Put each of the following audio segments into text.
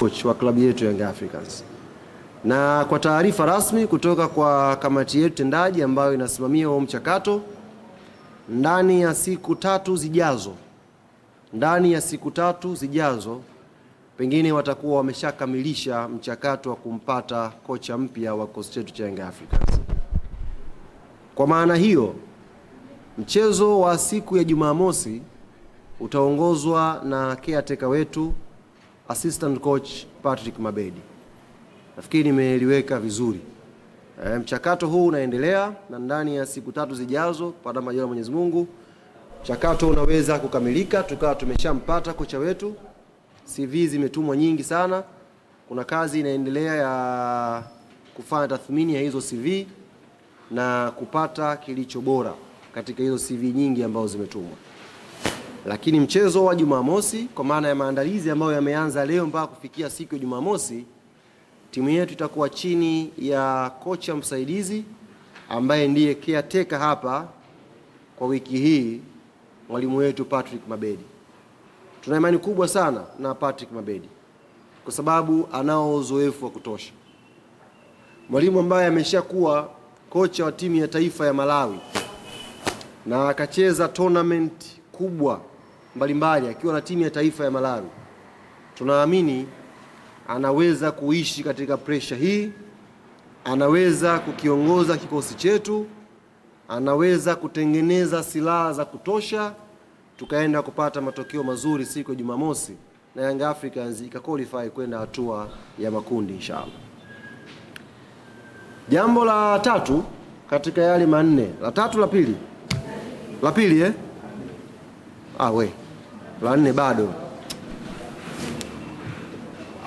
coach wa klabu yetu Young Africans. Na kwa taarifa rasmi kutoka kwa kamati yetu tendaji ambayo inasimamia huo mchakato, ndani ya siku tatu zijazo, ndani ya siku tatu zijazo, pengine watakuwa wameshakamilisha mchakato wa kumpata kocha mpya wa kikosi chetu cha Young Africans. Kwa maana hiyo, mchezo wa siku ya Jumamosi utaongozwa na caretaker wetu assistant coach Patrick Mabedi. Nafikiri nimeliweka vizuri. E, mchakato huu unaendelea na ndani ya siku tatu zijazo, baada ya Mwenyezi Mungu, mchakato unaweza kukamilika, tukawa tumeshampata kocha wetu. CV zimetumwa nyingi sana, kuna kazi inaendelea ya kufanya tathmini ya hizo CV na kupata kilicho bora katika hizo CV nyingi ambazo zimetumwa. Lakini mchezo wa Jumamosi kwa maana ya maandalizi ambayo yameanza leo mpaka kufikia siku ya Jumamosi, timu yetu itakuwa chini ya kocha msaidizi ambaye ndiye caretaker hapa kwa wiki hii, mwalimu wetu Patrick Mabedi. Tuna imani kubwa sana na Patrick Mabedi kwa sababu anao uzoefu wa kutosha, mwalimu ambaye ameshakuwa kocha wa timu ya taifa ya Malawi na akacheza tournament kubwa mbalimbali akiwa na timu ya taifa ya Malawi. Tunaamini anaweza kuishi katika presha hii, anaweza kukiongoza kikosi chetu, anaweza kutengeneza silaha za kutosha, tukaenda kupata matokeo mazuri siku ya Jumamosi na Young Africans ikaqualify kwenda hatua ya makundi inshallah. Jambo la tatu katika yale manne, la tatu la pili, la pili eh? Ah, we la nne bado.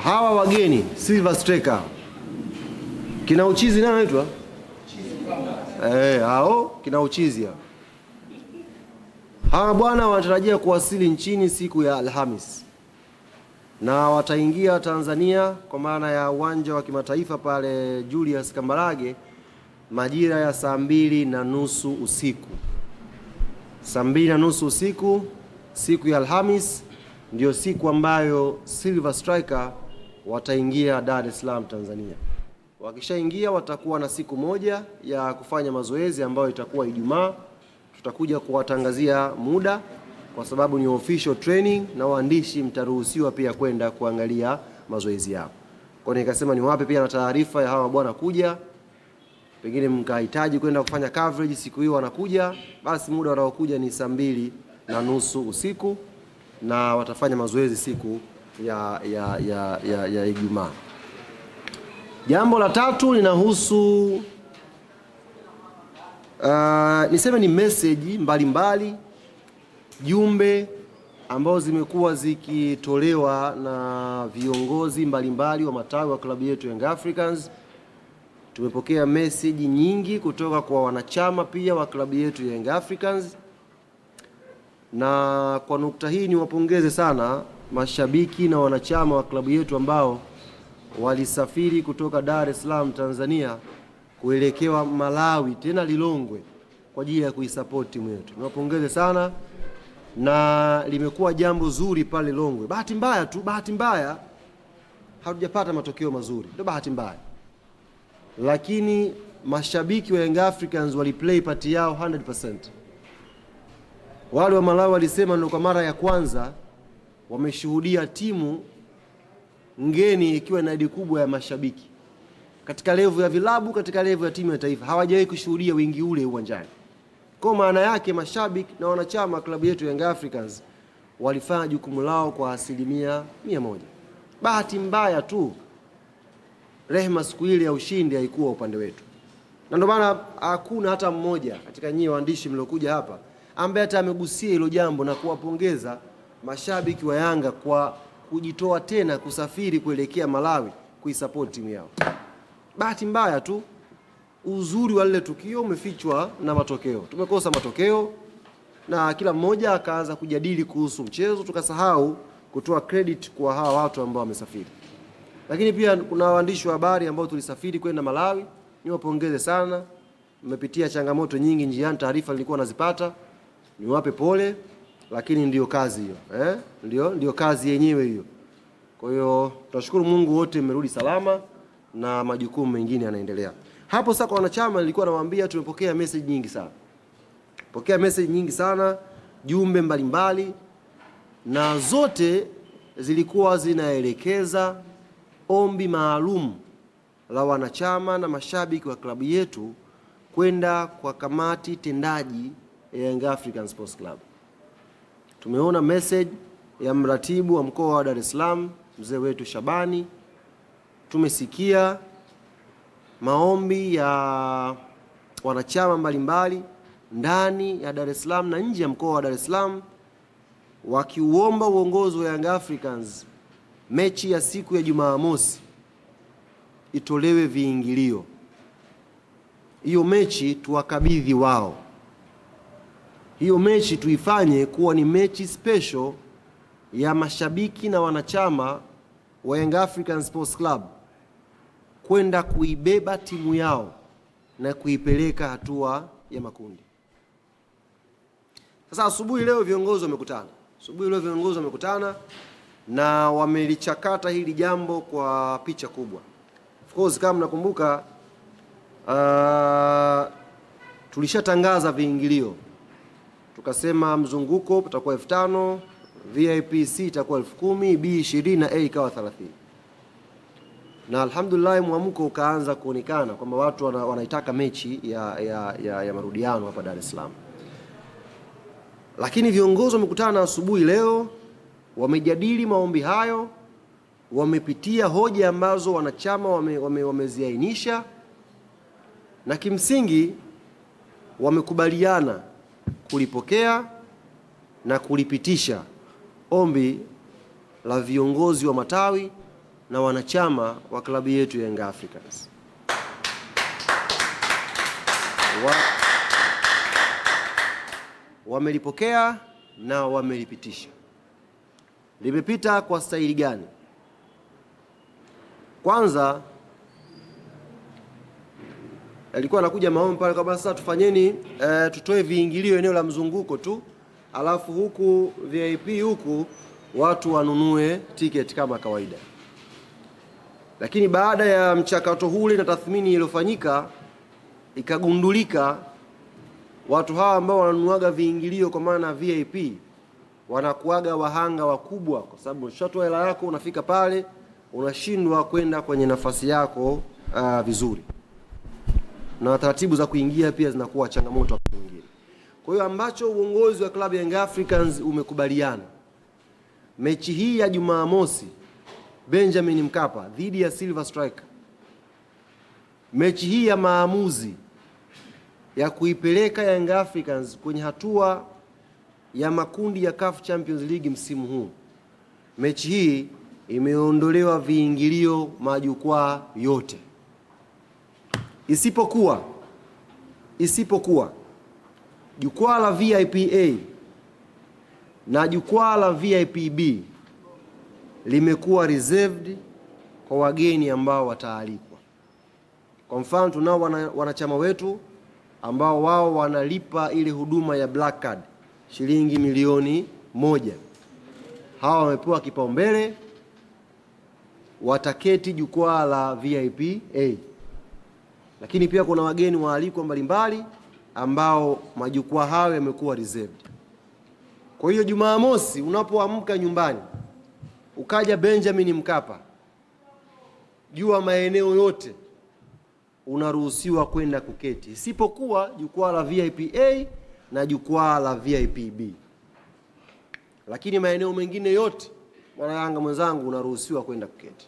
Hawa wageni Silver Striker kina uchizi nani anaitwa? Eh, hao kina uchizi ya. Hawa bwana wanatarajia kuwasili nchini siku ya Alhamis na wataingia Tanzania kwa maana ya uwanja wa kimataifa pale Julius Kambarage majira ya saa mbili na nusu usiku, saa mbili na nusu usiku Siku ya Alhamis ndiyo siku ambayo Silver Striker wataingia Dar es Salaam Tanzania. Wakishaingia watakuwa na siku moja ya kufanya mazoezi ambayo itakuwa Ijumaa. Tutakuja kuwatangazia muda kwa sababu ni official training, na waandishi mtaruhusiwa pia kwenda kuangalia mazoezi yao. Kwa hiyo nikasema niwape pia na taarifa ya hawa bwana kuja, pengine mkahitaji kwenda kufanya coverage siku hiyo, wanakuja basi, muda wanaokuja ni saa mbili na nusu usiku na watafanya mazoezi siku ya, ya, ya, ya, ya Ijumaa. Jambo la tatu linahusu uh, niseme ni meseji mbalimbali, jumbe ambazo zimekuwa zikitolewa na viongozi mbalimbali wa matawi wa klabu yetu Young Africans. Tumepokea meseji nyingi kutoka kwa wanachama pia wa klabu yetu Young Africans na kwa nukta hii niwapongeze sana mashabiki na wanachama wa klabu yetu ambao walisafiri kutoka Dar es Salaam Tanzania kuelekewa Malawi tena Lilongwe kwa ajili ya kuisupport timu yetu. Niwapongeze sana na limekuwa jambo zuri pale Lilongwe. Bahati mbaya tu, bahati mbaya hatujapata matokeo mazuri, ndio bahati mbaya, lakini mashabiki wa Young Africans waliplay part yao 100%. Wale wa Malawi walisema ndio kwa mara ya kwanza wameshuhudia timu ngeni ikiwa na idadi kubwa ya mashabiki katika levu ya vilabu, katika levu ya timu ya taifa. Hawajawahi kushuhudia wingi ule uwanjani. Kwa maana yake, mashabiki na wanachama klabu yetu Young Africans walifanya jukumu lao kwa asilimia mia moja. Bahati mbaya tu rehema siku ile ya ushindi haikuwa upande wetu, na ndio maana hakuna hata mmoja katika nyie waandishi mliokuja hapa ambaye hata amegusia hilo jambo na kuwapongeza mashabiki wa Yanga kwa kujitoa tena kusafiri kuelekea Malawi kuisupport timu yao. Bahati mbaya tu uzuri wa lile tukio umefichwa na matokeo. Tumekosa matokeo na kila mmoja akaanza kujadili kuhusu mchezo, tukasahau kutoa credit kwa hawa watu ambao wamesafiri. Lakini pia kuna waandishi wa habari ambao tulisafiri kwenda Malawi, niwapongeze sana. Mmepitia changamoto nyingi njiani, taarifa nilikuwa nazipata niwape pole, lakini ndiyo kazi hiyo eh? Ndio, ndio kazi yenyewe hiyo. Kwa hiyo tunashukuru Mungu wote mmerudi salama na majukumu mengine yanaendelea. Hapo sasa, kwa wanachama nilikuwa nawaambia, tumepokea message nyingi sana, pokea message nyingi sana, jumbe mbalimbali, na zote zilikuwa zinaelekeza ombi maalum la wanachama na mashabiki wa klabu yetu kwenda kwa kamati tendaji Young African Sports Club. Tumeona message ya mratibu wa mkoa wa Dar es Salaam mzee wetu Shabani, tumesikia maombi ya wanachama mbalimbali mbali, ndani ya Dar es Salaam na nje ya mkoa wa Dar es Salaam wakiuomba uongozi wa Young Africans mechi ya siku ya Jumamosi itolewe viingilio, hiyo mechi tuwakabidhi wao hiyo mechi tuifanye kuwa ni mechi special ya mashabiki na wanachama wa Young African Sports Club kwenda kuibeba timu yao na kuipeleka hatua ya makundi. Sasa asubuhi leo viongozi wamekutana, asubuhi leo viongozi wamekutana na wamelichakata hili jambo kwa picha kubwa. Of course kama mnakumbuka, uh, tulishatangaza viingilio tukasema mzunguko utakuwa elfu tano VIP C itakuwa elfu kumi B ishirini na A ikawa 30 na alhamdulillah, mwamko ukaanza kuonekana kwamba watu wana, wanaitaka mechi ya, ya, ya, ya marudiano hapa Dar es Salaam, lakini viongozi wamekutana asubuhi leo, wamejadili maombi hayo, wamepitia hoja ambazo wanachama wameziainisha wame, wame na kimsingi wamekubaliana kulipokea na kulipitisha ombi la viongozi wa matawi na wanachama wa klabu yetu ya Young Africans wa, wamelipokea na wamelipitisha. Limepita kwa staili gani? Kwanza alikuwa anakuja maombi pale kwamba Sasa tufanyeni e, tutoe viingilio eneo la mzunguko tu, alafu huku VIP huku watu wanunue tiketi kama kawaida. Lakini baada ya mchakato hule na tathmini iliyofanyika, ikagundulika watu hawa ambao wananunuaga viingilio kwa maana VIP wanakuaga wahanga wakubwa, kwa sababu shatoa hela yako, unafika pale unashindwa kwenda kwenye nafasi yako uh, vizuri na taratibu za kuingia pia zinakuwa changamoto wakati mwingine. Kwa hiyo ambacho uongozi wa klabu ya Young Africans umekubaliana mechi hii ya Jumamosi Benjamin Mkapa dhidi ya Silver strike mechi hii ya maamuzi ya kuipeleka Young Africans kwenye hatua ya makundi ya CAF Champions League msimu huu, mechi hii imeondolewa viingilio majukwaa yote isipokuwa isipokuwa jukwaa la vipa na jukwaa la VIPB limekuwa reserved kwa wageni ambao wataalikwa. Kwa mfano, tunao wanachama wetu ambao wao wanalipa ile huduma ya black card shilingi milioni moja. Hawa wamepewa kipaumbele, wataketi jukwaa la VIPA lakini pia kuna wageni waalikwa mbalimbali ambao majukwaa hayo yamekuwa reserved. Kwa hiyo Jumamosi unapoamka nyumbani ukaja Benjamin Mkapa, jua maeneo yote unaruhusiwa kwenda kuketi, isipokuwa jukwaa la VIP A na jukwaa la VIP B, lakini maeneo mengine yote mwana Yanga mwenzangu unaruhusiwa kwenda kuketi.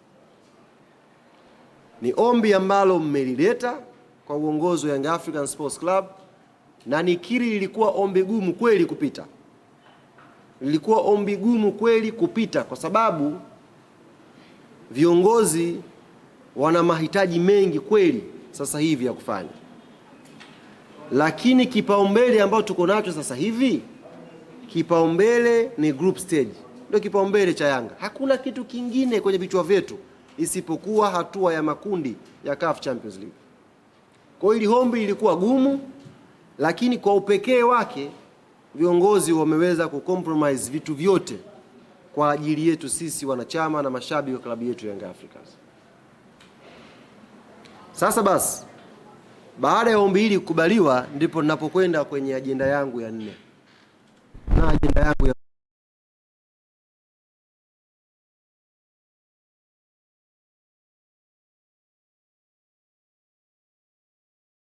Ni ombi ambalo mmelileta kwa uongozi wa Young African Sports Club, na nikiri, lilikuwa ombi gumu kweli kupita, lilikuwa ombi gumu kweli kupita, kwa sababu viongozi wana mahitaji mengi kweli sasa hivi ya kufanya, lakini kipaumbele ambao tuko nacho sasa hivi, kipaumbele ni group stage, ndio kipaumbele cha Yanga. Hakuna kitu kingine kwenye vichwa vyetu isipokuwa hatua ya makundi ya CAF Champions League. Kwa hiyo ili ombi lilikuwa gumu, lakini kwa upekee wake viongozi wameweza kucompromise vitu vyote kwa ajili yetu sisi wanachama na mashabiki wa klabu yetu Young Africans. Sasa basi, baada ya ombi hili kukubaliwa, ndipo ninapokwenda kwenye ajenda yangu ya nne na ajenda yangu ya